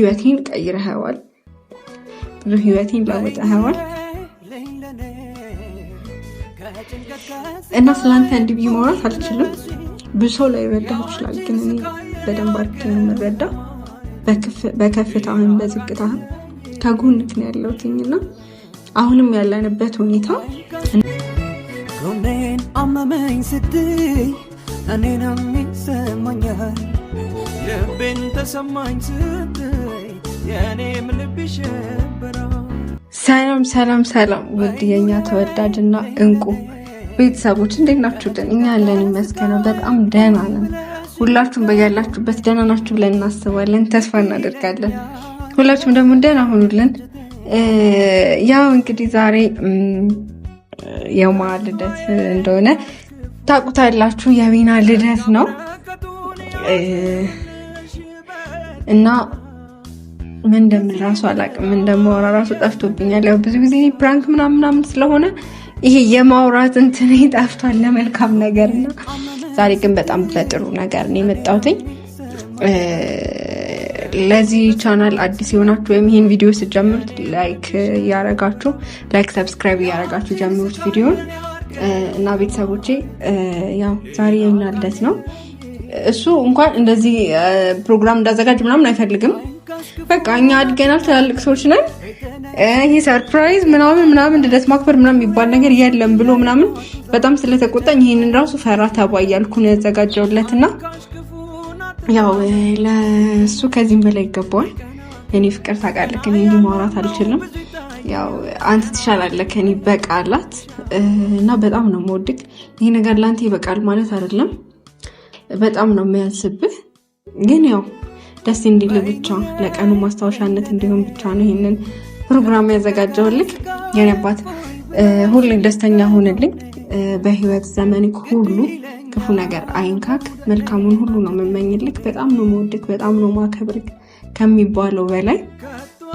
ህይወቴን ቀይረኸዋል፣ ብዙ ህይወቴን ለውጠኸዋል እና ስለአንተ እንዲህ ብዬ ማውራት አልችልም። ብዙ ሰው ላይ ረዳህ ይችላል፣ ግን እኔ በደንብ አድርጌ የምረዳ በከፍታህም በዝቅታህም ከጎንህ ነው ያለሁትና አሁንም ያለንበት ሁኔታ ጎኔን አመመኝ ስትይ እኔን ሰማኛል ልቤን ተሰማኝ ስትይ የኔም ሰላም ሰላም ሰላም ውድ የኛ ተወዳጅና እንቁ ቤተሰቦች እንዴት ናችሁልን? እኛ ያለን ይመስገነው በጣም ደህና ነን። ሁላችሁም በያላችሁበት ደህና ናችሁ ብለን እናስባለን፣ ተስፋ እናደርጋለን። ሁላችሁም ደግሞ ደህና ሆኑልን። ያው እንግዲህ ዛሬ የማ ልደት እንደሆነ ታውቁታላችሁ። የቢና ልደት ነው እና ምን እንደምን ራሱ አላውቅም። ምን እንደማወራ ራሱ ጠፍቶብኛል። ያው ብዙ ጊዜ ፕራንክ ምናምን ምናምን ስለሆነ ይሄ የማውራት እንትን ጠፍቷል ለመልካም ነገር እና ዛሬ ግን በጣም በጥሩ ነገር ነው የመጣሁትኝ። ለዚህ ቻናል አዲስ የሆናችሁ ወይም ይህን ቪዲዮ ስጀምሩት ላይክ እያረጋችሁ ላይክ ሰብስክራይብ እያረጋችሁ ጀምሩት ቪዲዮን እና ቤተሰቦቼ ያው ዛሬ የኛ ልደት ነው። እሱ እንኳን እንደዚህ ፕሮግራም እንዳዘጋጅ ምናምን አይፈልግም በቃ እኛ አድገናል፣ ትላልቅ ሰዎች ነን። ይሄ ሰርፕራይዝ ምናምን ምናምን ልደት ማክበር ምናምን የሚባል ነገር የለም ብሎ ምናምን በጣም ስለተቆጣኝ ይሄንን ራሱ ፈራ ተባ እያልኩ ነው ያዘጋጀውለት እና ያው ለእሱ ከዚህም በላይ ይገባዋል። እኔ ፍቅር ታውቃለህ፣ እኔ እንዲህ ማውራት አልችልም። ያው አንተ ትሻላለህ ከኔ በቃላት እና በጣም ነው የምወድቅ። ይሄ ነገር ለአንተ ይበቃል ማለት አይደለም። በጣም ነው የሚያስብህ ግን ያው ደስ እንዲል ብቻ ለቀኑ ማስታወሻነት እንዲሆን ብቻ ነው ይህንን ፕሮግራም ያዘጋጀውልኝ። የኔ አባት ሁሌ ደስተኛ ሆንልኝ። በህይወት ዘመን ሁሉ ክፉ ነገር አይንካክ። መልካሙን ሁሉ ነው የምመኝልክ። በጣም ነው መወድክ፣ በጣም ነው ማከብርክ ከሚባለው በላይ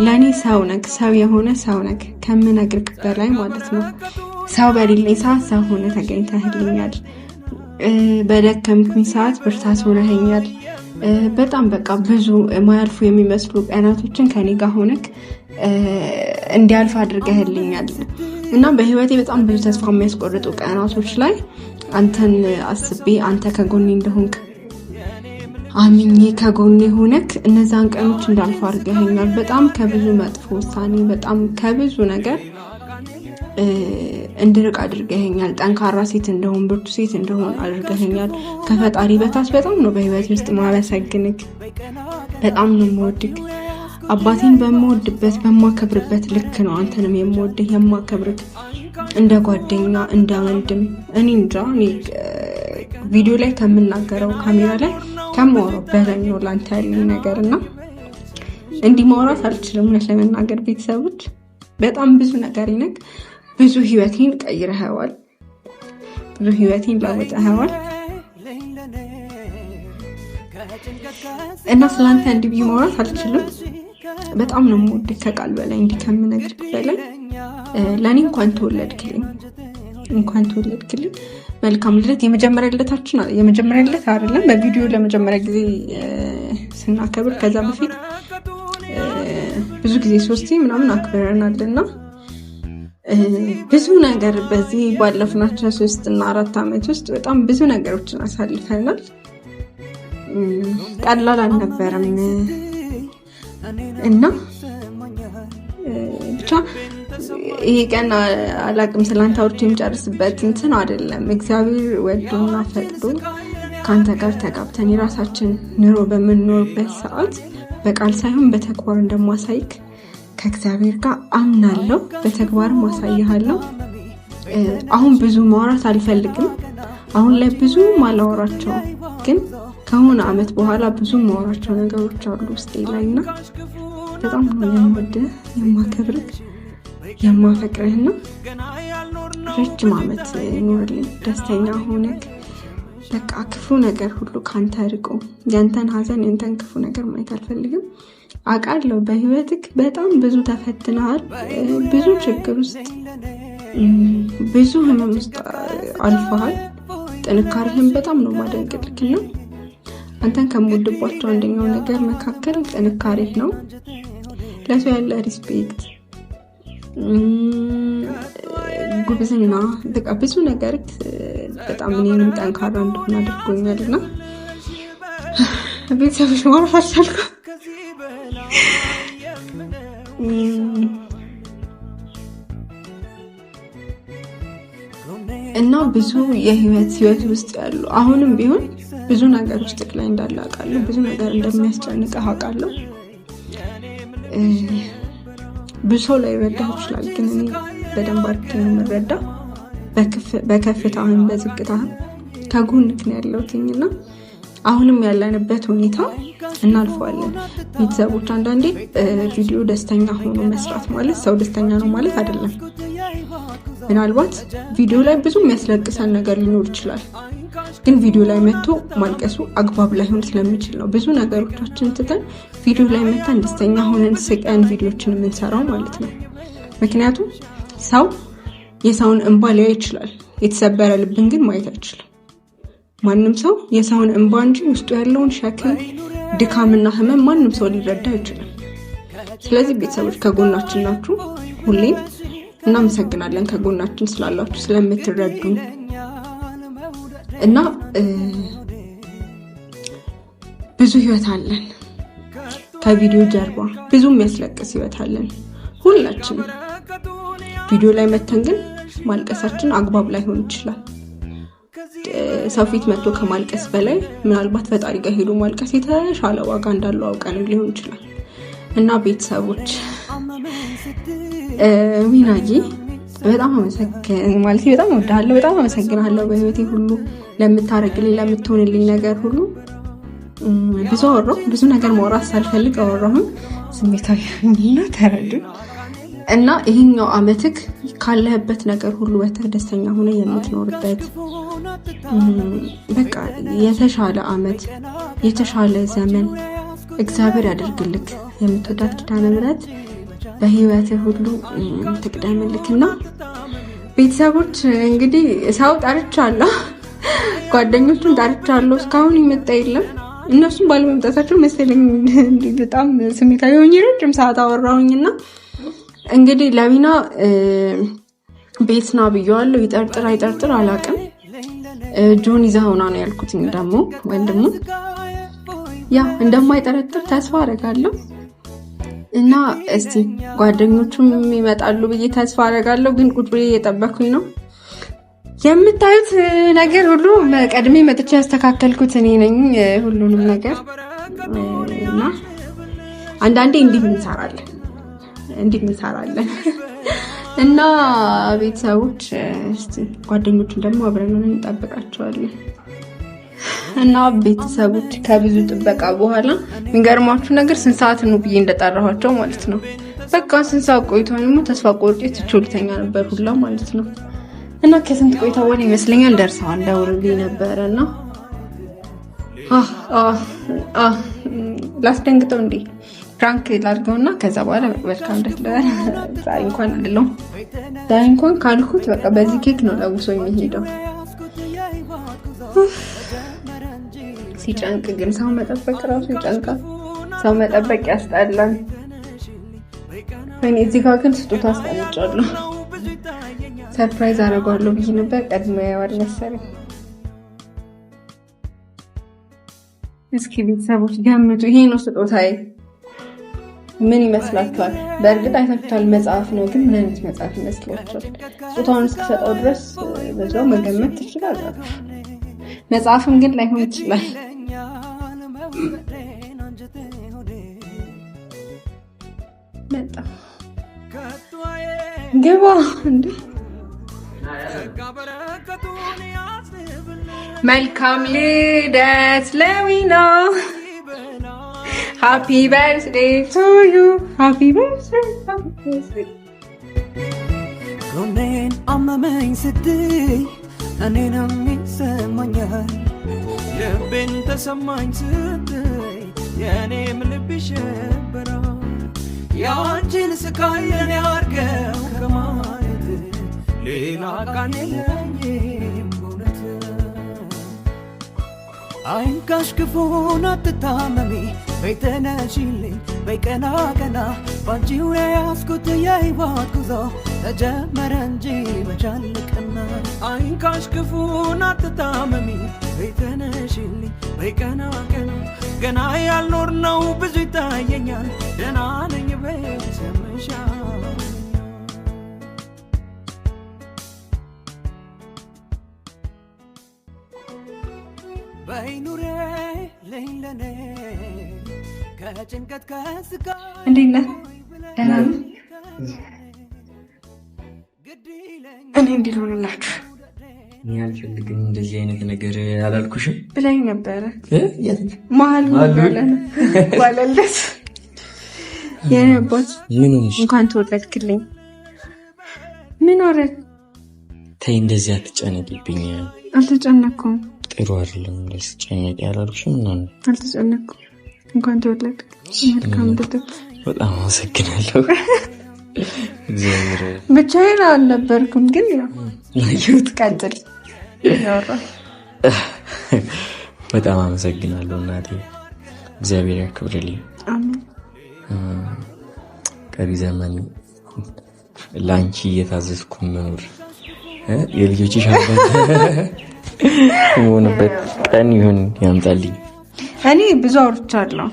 ለእኔ ሰው ነክ ሰው የሆነ ሰው ነክ ከምነግርክ በላይ ማለት ነው። ሰው በሌለኝ ሰዓት ሰው ሆነ ተገኝተህልኛል። በደከምኩኝ ሰዓት ብርታት ሆነህኛል። በጣም በቃ ብዙ ማያልፉ የሚመስሉ ቀናቶችን ከኔ ጋር ሆነክ እንዲያልፍ አድርገህልኛል እና በህይወቴ በጣም ብዙ ተስፋ የሚያስቆርጡ ቀናቶች ላይ አንተን አስቤ አንተ ከጎኔ እንደሆንክ አምኜ ከጎኔ ሆነክ እነዛን ቀኖች እንዳልፍ አድርገኸኛል። በጣም ከብዙ መጥፎ ውሳኔ፣ በጣም ከብዙ ነገር እንድርቅ አድርገኸኛል። ጠንካራ ሴት እንደሆን፣ ብርቱ ሴት እንደሆን አድርገኸኛል። ከፈጣሪ በታች በጣም ነው በህይወት ውስጥ ማመሰግንክ። በጣም ነው የምወድክ። አባቴን በምወድበት በማከብርበት ልክ ነው አንተንም የምወድህ የማከብርክ እንደ ጓደኛ እንደ ወንድም። እኔ እንጃ ቪዲዮ ላይ ከምናገረው ካሜራ ላይ ከማወራው በላይ ነው ላንተ ያለኝ ነገር እና እንዲህ ማውራት አልችልም ለመናገር ቤተሰቦች በጣም ብዙ ነገር ይነግ ብዙ ህይወቴን ቀይረኸዋል። ብዙ ህይወቴን ለውጠኸዋል እና ስላንተ እንዲህ ብዬ ማውራት አልችልም። በጣም ነው ሞድ ከቃል በላይ እንዲህ ከምነግርህ በላይ ለእኔ እንኳን ተወለድክልኝ እንኳን ተወለድክልኝ። መልካም ልደት። የመጀመሪያ ልደታችን የመጀመሪያ ልደት አይደለም በቪዲዮ ለመጀመሪያ ጊዜ ስናከብር ከዛ በፊት ብዙ ጊዜ ሶስቴ ምናምን አክብረናል እና ብዙ ነገር በዚህ ባለፍናቸው ሶስት እና አራት ዓመት ውስጥ በጣም ብዙ ነገሮችን አሳልፈናል። ቀላል አልነበረም እና ብቻ ይሄ ቀን አላቅም ስላንተ አውርቼ የሚጨርስበት እንትን አይደለም። እግዚአብሔር ወዶና ፈቅዶ ከአንተ ጋር ተጋብተን የራሳችን ኑሮ በምንኖርበት ሰዓት በቃል ሳይሆን በተግባር እንደማሳይክ ከእግዚአብሔር ጋር አምናለሁ። በተግባር አሳይሃለሁ። አሁን ብዙ ማውራት አልፈልግም። አሁን ላይ ብዙ አላወራቸው ግን ከሆነ አመት በኋላ ብዙ ማወራቸው ነገሮች አሉ ውስጤ ላይ እና በጣም ነው የምወድህ የማከብርህ ረጅም አመት ኑርልኝ ደስተኛ ሆነግ በቃ ክፉ ነገር ሁሉ ካንተ ርቆ ያንተን ሀዘን ያንተን ክፉ ነገር ማየት አልፈልግም። አቃለው በህይወትክ በጣም ብዙ ተፈትነሃል። ብዙ ችግር ውስጥ ብዙ ህመም ውስጥ አልፈሃል። ጥንካሬህን በጣም ነው ማደንቅልክ ነው። አንተን ከምወድባቸው አንደኛው ነገር መካከል ጥንካሬህ ነው። ለሰው ያለ ሪስፔክት ጉብዝና በቃ ብዙ ነገር በጣም እኔንም ጠንካራ እንደሆነ አድርጎኛል እና ቤተሰቦች ማረፍ አልቻልኩ እና ብዙ የህይወት ህይወት ውስጥ ያሉ አሁንም ቢሆን ብዙ ነገሮች ውስጥ ላይ እንዳለ አውቃለሁ። ብዙ ነገር እንደሚያስጨንቅህ አውቃለሁ። ብሶ ላይ በዳህ ይችላል ግን እኔ በደንብ አድርጌ ነው የምረዳው። በከፍታህም በዝቅታህም ከጎንህ ነው ያለሁትኝ እና አሁንም ያለንበት ሁኔታ እናልፈዋለን። ቤተሰቦች አንዳንዴ ቪዲዮ ደስተኛ ሆኖ መስራት ማለት ሰው ደስተኛ ነው ማለት አይደለም። ምናልባት ቪዲዮ ላይ ብዙ የሚያስለቅሰን ነገር ሊኖር ይችላል፣ ግን ቪዲዮ ላይ መጥቶ ማልቀሱ አግባብ ላይሆን ስለሚችል ነው ብዙ ነገሮቻችን ትተን ቪዲዮ ላይ መተን ደስተኛ ሆነን ስቀን ቪዲዮችን የምንሰራው ማለት ነው ምክንያቱም ሰው የሰውን እንባ ሊያይ ይችላል፣ የተሰበረ ልብን ግን ማየት አይችልም። ማንም ሰው የሰውን እንባ እንጂ ውስጡ ያለውን ሸክም፣ ድካምና ህመም ማንም ሰው ሊረዳ አይችልም። ስለዚህ ቤተሰቦች ከጎናችን ናችሁ ሁሌም እናመሰግናለን። ከጎናችን ስላላችሁ ስለምትረዱ እና ብዙ ህይወት አለን ከቪዲዮ ጀርባ ብዙ የሚያስለቅስ ህይወት አለን ሁላችንም ቪዲዮ ላይ መተን ግን ማልቀሳችን አግባብ ላይሆን ይችላል። ሰው ፊት መጥቶ ከማልቀስ በላይ ምናልባት ፈጣሪ ጋር ሄዶ ማልቀስ የተሻለ ዋጋ እንዳለው አውቀን ሊሆን ይችላል እና ቤተሰቦች ሚናዬ በጣም አመሰግን ማለት በጣም እወድሃለሁ። በጣም አመሰግናለሁ። በህይወቴ ሁሉ ለምታረግልኝ ለምትሆንልኝ ነገር ሁሉ ብዙ አወራሁ። ብዙ ነገር ማውራት ሳልፈልግ አወራሁም። ስሜታዊ ነው። ተረዱ። እና ይሄኛው አመትክ ካለህበት ነገር ሁሉ ወጥተህ ደስተኛ ሆነ የምትኖርበት በቃ የተሻለ አመት የተሻለ ዘመን እግዚአብሔር ያደርግልክ። የምትወዳት ኪዳነ ምሕረት በህይወትህ ሁሉ ትቅደምልክና ቤተሰቦች እንግዲህ ሰው ጠርቻለሁ፣ ጓደኞቹን ጠርቻለሁ። እስካሁን ይመጣ የለም። እነሱም ባለመምጣታቸው መሰለኝ በጣም ስሜታዊ ሆኜ ረጅም ሰዓት አወራሁኝና እንግዲህ ለቢና ቤት ና ብየዋለሁ። ይጠርጥር አይጠርጥር አላውቅም። ጆን ይዛ ሆና ነው ያልኩትኝ ደግሞ ወንድሙ ያ እንደማይጠረጥር ተስፋ አደርጋለሁ እና እስቲ ጓደኞቹም ይመጣሉ ብዬ ተስፋ አደርጋለሁ። ግን ቁጭ ብዬ እየጠበኩኝ ነው። የምታዩት ነገር ሁሉ ቀድሜ መጥቼ ያስተካከልኩት እኔ ነኝ ሁሉንም ነገር እና አንዳንዴ እንዲህ እንሰራለን እንዲህ እንሰራለን እና ቤተሰቦች እስቲ ጓደኞቹን ደግሞ አብረን እንጠብቃቸዋለን። እና ቤተሰቦች ከብዙ ጥበቃ በኋላ የሚገርማችሁ ነገር ስንት ሰዓት ነው ብዬ እንደጠራኋቸው ማለት ነው። በቃ ስንት ሰዓት ቆይታ ደግሞ ተስፋ ቆርጬ ትቼው ልተኛ ነበር ሁላ ማለት ነው። እና ከስንት ቆይታ ወዲህ ይመስለኛል ደርሰዋል። ደውሎልኝ ነበረ እና ላስደንግጠው ፍራንክ ፕራንክ እና ከዛ በኋላ መልካም ደስ ዛሬ እንኳን አይደለም። ዛሬ እንኳን ካልኩት በቃ በዚህ ኬክ ነው ለውሶ የሚሄደው። ሲጨንቅ ግን ሰው መጠበቅ ራሱ ይጨንቃል። ሰው መጠበቅ ያስጠላል። እኔ እዚህ ጋር ግን ስጦታ አስጠምጫለሁ። ሰርፕራይዝ አደርገዋለሁ ብዬ ነበር። ቀድሞ ያዋል መሰለኝ እስኪ ቤተሰቦች ገምቱ። ይሄ ነው ስጦታዬ። ምን ይመስላችኋል? በእርግጥ አይታችኋል፣ መጽሐፍ ነው። ግን ምን አይነት መጽሐፍ ይመስላችኋል? ስጦታውን እስኪሰጠው ድረስ በዛው መገመት ትችላላችሁ። መጽሐፍም ግን ላይሆን ይችላል። መጣ ገባ እንዴ መልካም ልደት ለዊና ሃፒ በርስዴ ቱ ዩ ሃፒ ጎኔን አመመኝ ስትይ እኔንም ይሰማኛል ልቤን ተሰማኝ ስትይ የእኔም ልብ ይሸበራል ያንቺን ስቃይ የኔ ከማለት ሌላ ቃል አይንካሽ ክፉን አትታመሚ በይተነሺልኝ በይቀና ቀና ባንቺው የያዝኩት የሕይወት ጉዞ ተጀመረ እንጂ መቻልቅና አይንካሽ ክፉን አትታመሚ ቀና ገና ያልኖርነው ብዙ ይታየኛል ደህና ነኝ በይ እንዴት ነህ? ደህና እኔ እንዴት ሆንላችሁ? እኔ አልፈልግም እንደዚህ አይነት ነገር አላልኩሽም ብለኝ ነበረ። መሀል ባለለት የእኔ አባት እንኳን ተወለድክልኝ። ምን ተይ እንደዚህ አትጨነቅብኝ። ጥሩ አይደለም። ስጨነቅ ያላልኩሽ ምናምን እንኳን ተወለድ። መልካም ልደት። በጣም አመሰግናለሁ። ብቻዬን አልነበርኩም፣ ግን ያት ቀጥል። በጣም አመሰግናለሁ እናቴ፣ እግዚአብሔር ያክብርልኝ። ቀሪ ዘመን ለአንቺ እየታዘዝኩ መኖር የልጆችሽ አባት የሆንበት ቀን ይሁን ያምጣልኝ። እኔ ብዙ አውርቻለሁ።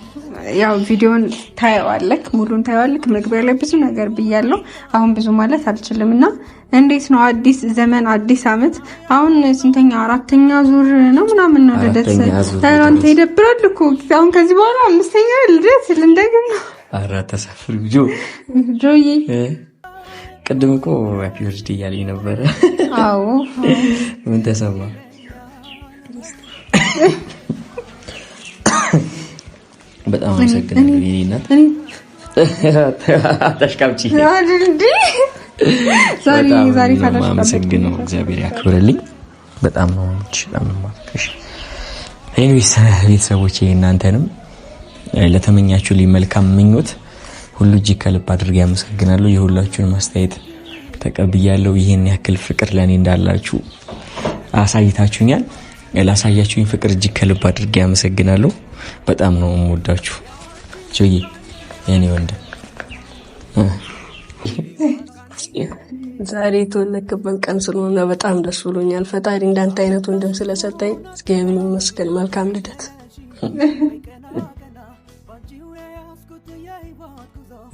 ያው ቪዲዮን ታየዋለክ፣ ሙሉን ታየዋለክ። መግቢያ ላይ ብዙ ነገር ብያለሁ። አሁን ብዙ ማለት አልችልም እና እንዴት ነው አዲስ ዘመን አዲስ አመት፣ አሁን ስንተኛ አራተኛ ዙር ነው ምናምን ነው ልደት። አንተ ይደብራል እኮ አሁን ከዚህ በኋላ አምስተኛ ልደት ልንደግም ነው። ኧረ ተሳፍር ጆ ጆዬ፣ ቅድም እኮ ሃፒ በርዝዴ እያለኝ ነበረ። አዎ ምን ተሰማ? በጣም አመሰግናለሁ የእኔ እናት። አታሽቃብጪ። አመሰግነው እግዚአብሔር ያክብርልኝ። በጣም ነው ችሽ ኤኒዌይስ፣ ቤተሰቦቼ እናንተንም ለተመኛችሁ ልኝ መልካም ምኞት ሁሉ እጅግ ከልብ አድርጌ ያመሰግናለሁ። የሁላችሁን ማስተያየት ተቀብያለሁ። ይህን ያክል ፍቅር ለእኔ እንዳላችሁ አሳይታችሁኛል። ላሳያችሁኝ ፍቅር እጅግ ከልብ አድርጌ ያመሰግናለሁ። በጣም ነው የምወዳችሁ። ጆዬ የኔ ወንድም ዛሬ የተወለድክበት ቀን ስለሆነ በጣም ደስ ብሎኛል። ፈጣሪ እንዳንተ አይነት ወንድም ስለሰጠኝ እግዚአብሔር ይመስገን። መልካም ልደት።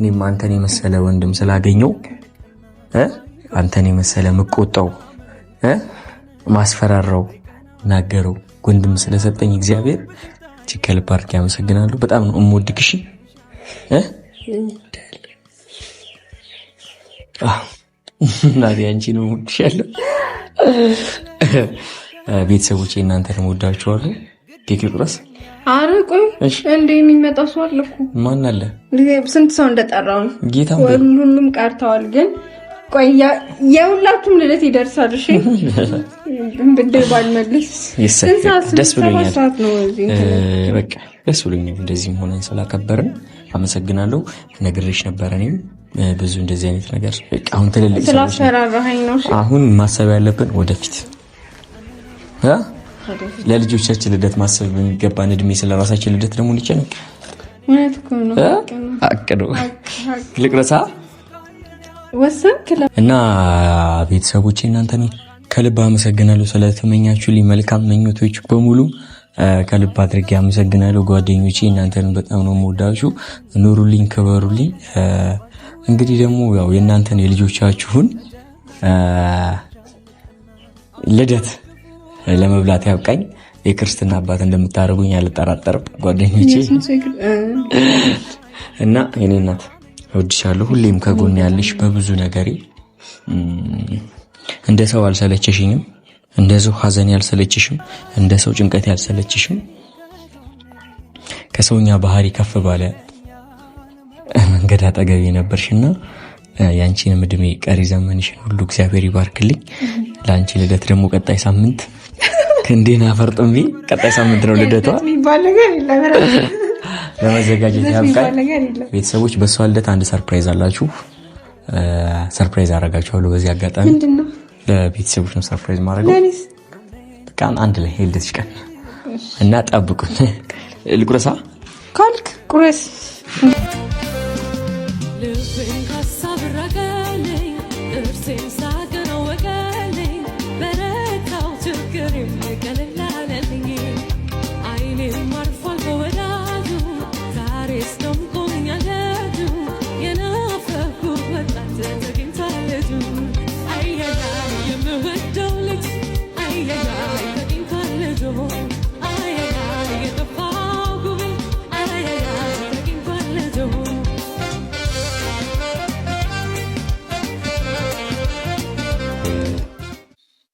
እኔም አንተን የመሰለ ወንድም ስላገኘው አንተን የመሰለ ምቆጣው ማስፈራራው ናገረው ወንድም ስለሰጠኝ እግዚአብሔር እጅግ ከልብ አድርጌ አመሰግናለሁ። በጣም ነው እምወድክ። እሺ አንቺ ነው እምወድሻለሁ። እናንተ እናንተንም እወዳችኋለሁ። ኬክ ልቁረስ። አረ ቆይ እንደ የሚመጣ ሰው አለ እኮ ማን አለ? ስንት ሰው እንደጠራው ጌታ። ሁሉንም ቀርተዋል ግን ቆይ የሁላችሁም ልደት ይደርሳል። እሺ ብድር ባልመልስ ደስ ብሎኛል። በቃ ደስ ብሎኛል። እንደዚህም ሆነን ስላከበርን አመሰግናለሁ። ነግሬሽ ነበረ እኔም ብዙ እንደዚህ አይነት ነገር አሁን ትልልቅ ስላስፈራራኸኝ ነው። አሁን ማሰብ ያለብን ወደፊት ለልጆቻችን ልደት ማሰብ በሚገባን እድሜ ስለራሳችን ልደት ደግሞ እንጨነቅ አቅዶ ልቅረሳ እና ቤተሰቦች እናንተን ከልብ አመሰግናለሁ ስለተመኛችሁልኝ መልካም ምኞቶች በሙሉ ከልብ አድርጌ አመሰግናለሁ። ጓደኞቼ እናንተን በጣም ነው የምወዳችሁ። ኑሩልኝ፣ ክበሩልኝ። እንግዲህ ደግሞ ያው የእናንተን የልጆቻችሁን ልደት ለመብላት ያብቃኝ። የክርስትና አባት እንደምታደርጉኝ አልጠራጠርም ጓደኞቼ እና የኔ እናት እወድሻለሁ፣ ሁሌም ከጎን ያለሽ በብዙ ነገሬ። እንደ ሰው አልሰለችሽኝም፣ እንደ ሰው ሀዘን ያልሰለችሽም፣ እንደ ሰው ጭንቀት ያልሰለችሽም። ከሰውኛ ባህሪ ከፍ ባለ መንገድ አጠገብ የነበርሽና የአንቺንም እድሜ ቀሪ ዘመንሽን ሁሉ እግዚአብሔር ይባርክልኝ። ለአንቺ ልደት ደግሞ ቀጣይ ሳምንት እንዴና ፈርጥም ቀጣይ ሳምንት ነው ልደቷ። ለመዘጋጀት ያብቃል። ቤተሰቦች በእሷ ልደት አንድ ሰርፕራይዝ አላችሁ። ሰርፕራይዝ አደርጋችኋለሁ። በዚህ አጋጣሚ ለቤተሰቦች ነው ሰርፕራይዝ ማድረገው ቃን አንድ ላይ የልደትሽ ቀን እና ጠብቁን። ልቁረሳ ካልክ ቁረስ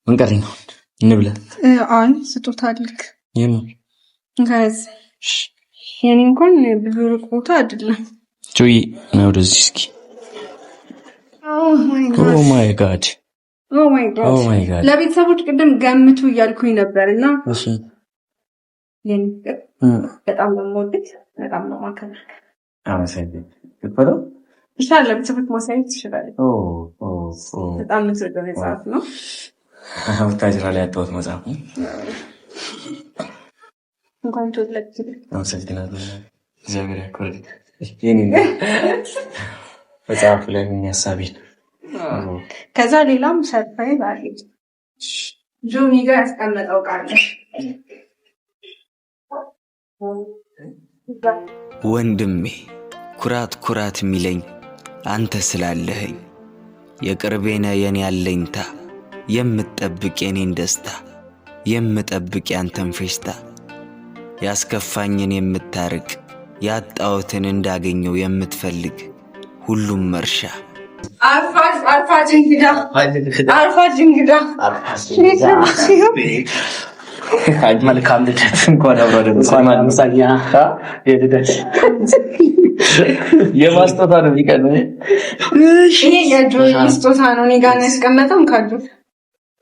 መንቀሪ ነው እንብለ። አይ ስጦታ አልክ የኔ እንኳን ብዙ ርቆታ አይደለም። ጆይ ና ወደዚህ እስኪ። ማይ ጋድ ኦ ማይ ጋድ። ለቤተሰቦች ቅድም ገምቱ እያልኩኝ ነበር እና በጣም ነው የምወድህ፣ በጣም ነው የማከብርህ። ለቤተሰቦች ማሳየት ትችላለህ። በጣም ነው ወታጅራ ላይ ያጣሁት መጽሐፍ እንኳን ተወለድክ። እግዚአብሔር ላይ ከዛ ሌላም ሰርፋይ ባሪጅ ጆሚ ጋር ያስቀመጠው ቃል ወንድሜ ኩራት ኩራት የሚለኝ አንተ ስላለህኝ የቅርቤነ የኔ አለኝታ የምትጠብቅ የኔን ደስታ የምጠብቅ ያንተን ፌሽታ ያስከፋኝን የምታርቅ ያጣሁትን እንዳገኘው የምትፈልግ ሁሉም መርሻ መልካም ልደት። እንኳን አብሮ የልደት የማስጦታ ነው የሚቀን ስጦታ ነው። እኔ ጋር ነው ያስቀመጠው ካጁ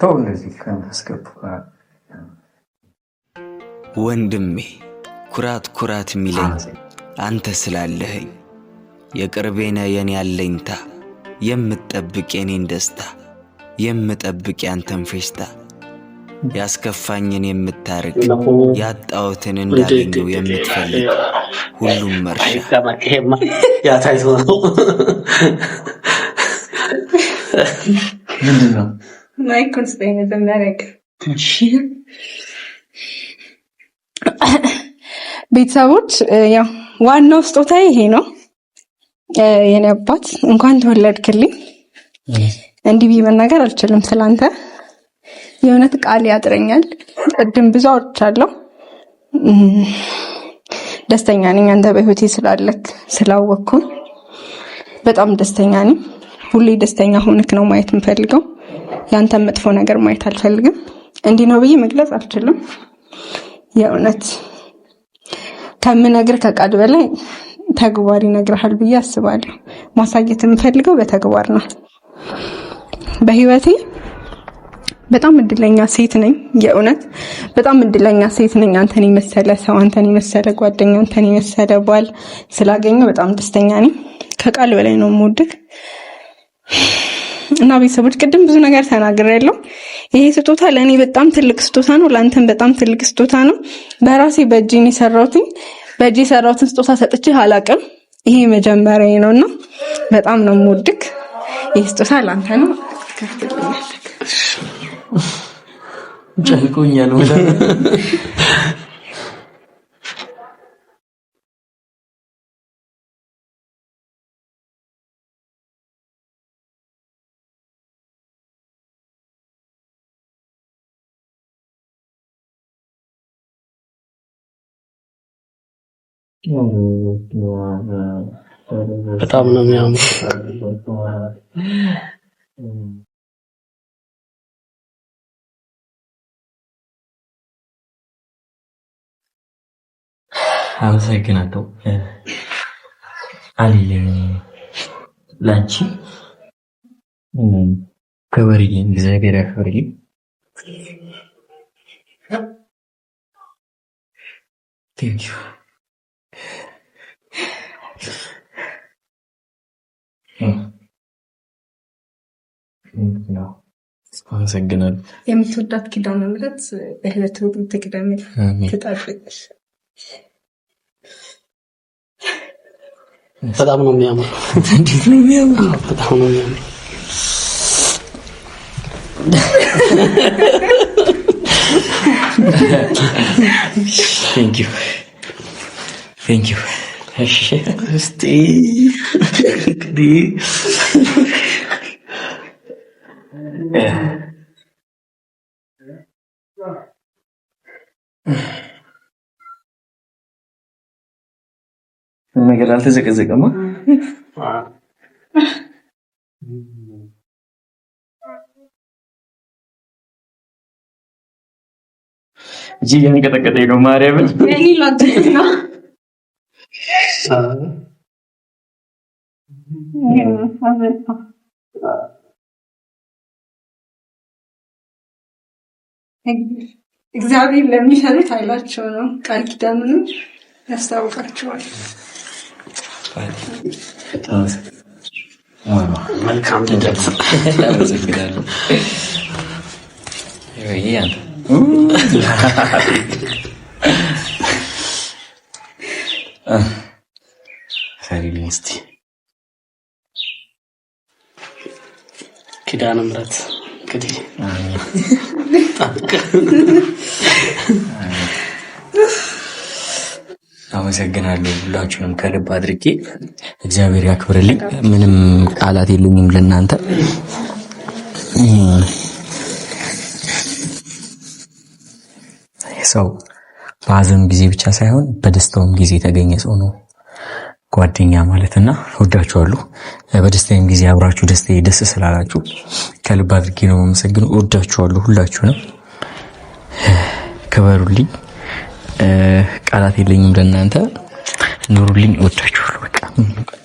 ተው እንደዚህ ከማስገቡ ወንድሜ ኩራት ኩራት የሚለኝ አንተ ስላለህኝ የቅርቤነ የኔ አለኝታ የምጠብቅ የኔን ደስታ የምጠብቅ ያንተን ፌሽታ ያስከፋኝን የምታርቅ ያጣሁትን እንዳገኘው የምትፈልግ ሁሉም መርሻ ምንድን ነው? Najkonstigare den መረቅ ቤተሰቦች ያው ዋናው ስጦታ ይሄ ነው። የኔ አባት እንኳን ተወለድክልኝ። እንዲህ ብዬ መናገር አልችልም ስላንተ የእውነት ቃል ያጥረኛል። ቅድም ብዙ አውርቻለሁ። ደስተኛ ነኝ አንተ በህይወቴ ስላለክ ስላወቅኩ በጣም ደስተኛ ነኝ። ሁሌ ደስተኛ ሆነክ ነው ማየት የምፈልገው። ለአንተ መጥፎ ነገር ማየት አልፈልግም። እንዲህ ነው ብዬ መግለጽ አልችልም። የእውነት ከምነግር ከቃል በላይ ተግባር ይነግርሃል ብዬ አስባለሁ። ማሳየት የምፈልገው በተግባር ነው። በህይወቴ በጣም እድለኛ ሴት ነኝ። የእውነት በጣም እድለኛ ሴት ነኝ። አንተን የመሰለ ሰው፣ አንተን የመሰለ ጓደኛ፣ አንተን የመሰለ ባል ስላገኘው በጣም ደስተኛ ነኝ። ከቃል በላይ ነው የምወድህ። እና ቤተሰቦች ቅድም ብዙ ነገር ተናግሬያለሁ። ይሄ ስጦታ ለእኔ በጣም ትልቅ ስጦታ ነው፣ ለአንተም በጣም ትልቅ ስጦታ ነው። በራሴ በእጅን የሰራሁትን በእጅ የሰራሁትን ስጦታ ሰጥቼ አላቅም። ይሄ መጀመሪያ ነው እና በጣም ነው የምወድክ። ይህ ስጦታ ለአንተ ነው። ከፍትልኛለክ ጨንቆኛል። በጣም ነው የሚያምሩ። አመሰግናለሁ። አሊ ላንቺ ክብርልኝ፣ እግዚአብሔር ያክብርልኝ። ቴንኪው አመሰግናለሁ። የምትወዳት ኪዳነ ምሕረት በህይወት ትቅደም ትጠብቅሽ። በጣም ነው የሚያምር። እንዴት ነው የሚያምር! በጣም ነገር አልተዘቀዘቀማ። እጅ እየተንቀጠቀጠኝ ነው። ማርያምን ነው እግዚአብሔር ለሚሰሩት ኃይላቸው ነው። ቃል ኪዳኑን ያስታውቃቸዋል። መልካም ልደት። ኪዳነ ምሕረት እንግዲህ አመሰግናለሁ ሁላችሁንም ከልብ አድርጌ እግዚአብሔር ያክብርልኝ። ምንም ቃላት የለኝም ለእናንተ። ሰው በሀዘን ጊዜ ብቻ ሳይሆን በደስታውም ጊዜ የተገኘ ሰው ነው። ጓደኛ ማለት እና ወዳችኋለሁ። በደስታዬም ጊዜ አብራችሁ ደስታ ደስ ስላላችሁ ከልብ አድርጌ ነው የማመሰግነው። ወዳችኋለሁ። ሁላችሁንም ክበሩልኝ። ቃላት የለኝም ለእናንተ ኑሩልኝ። ወዳችኋለሁ። በቃ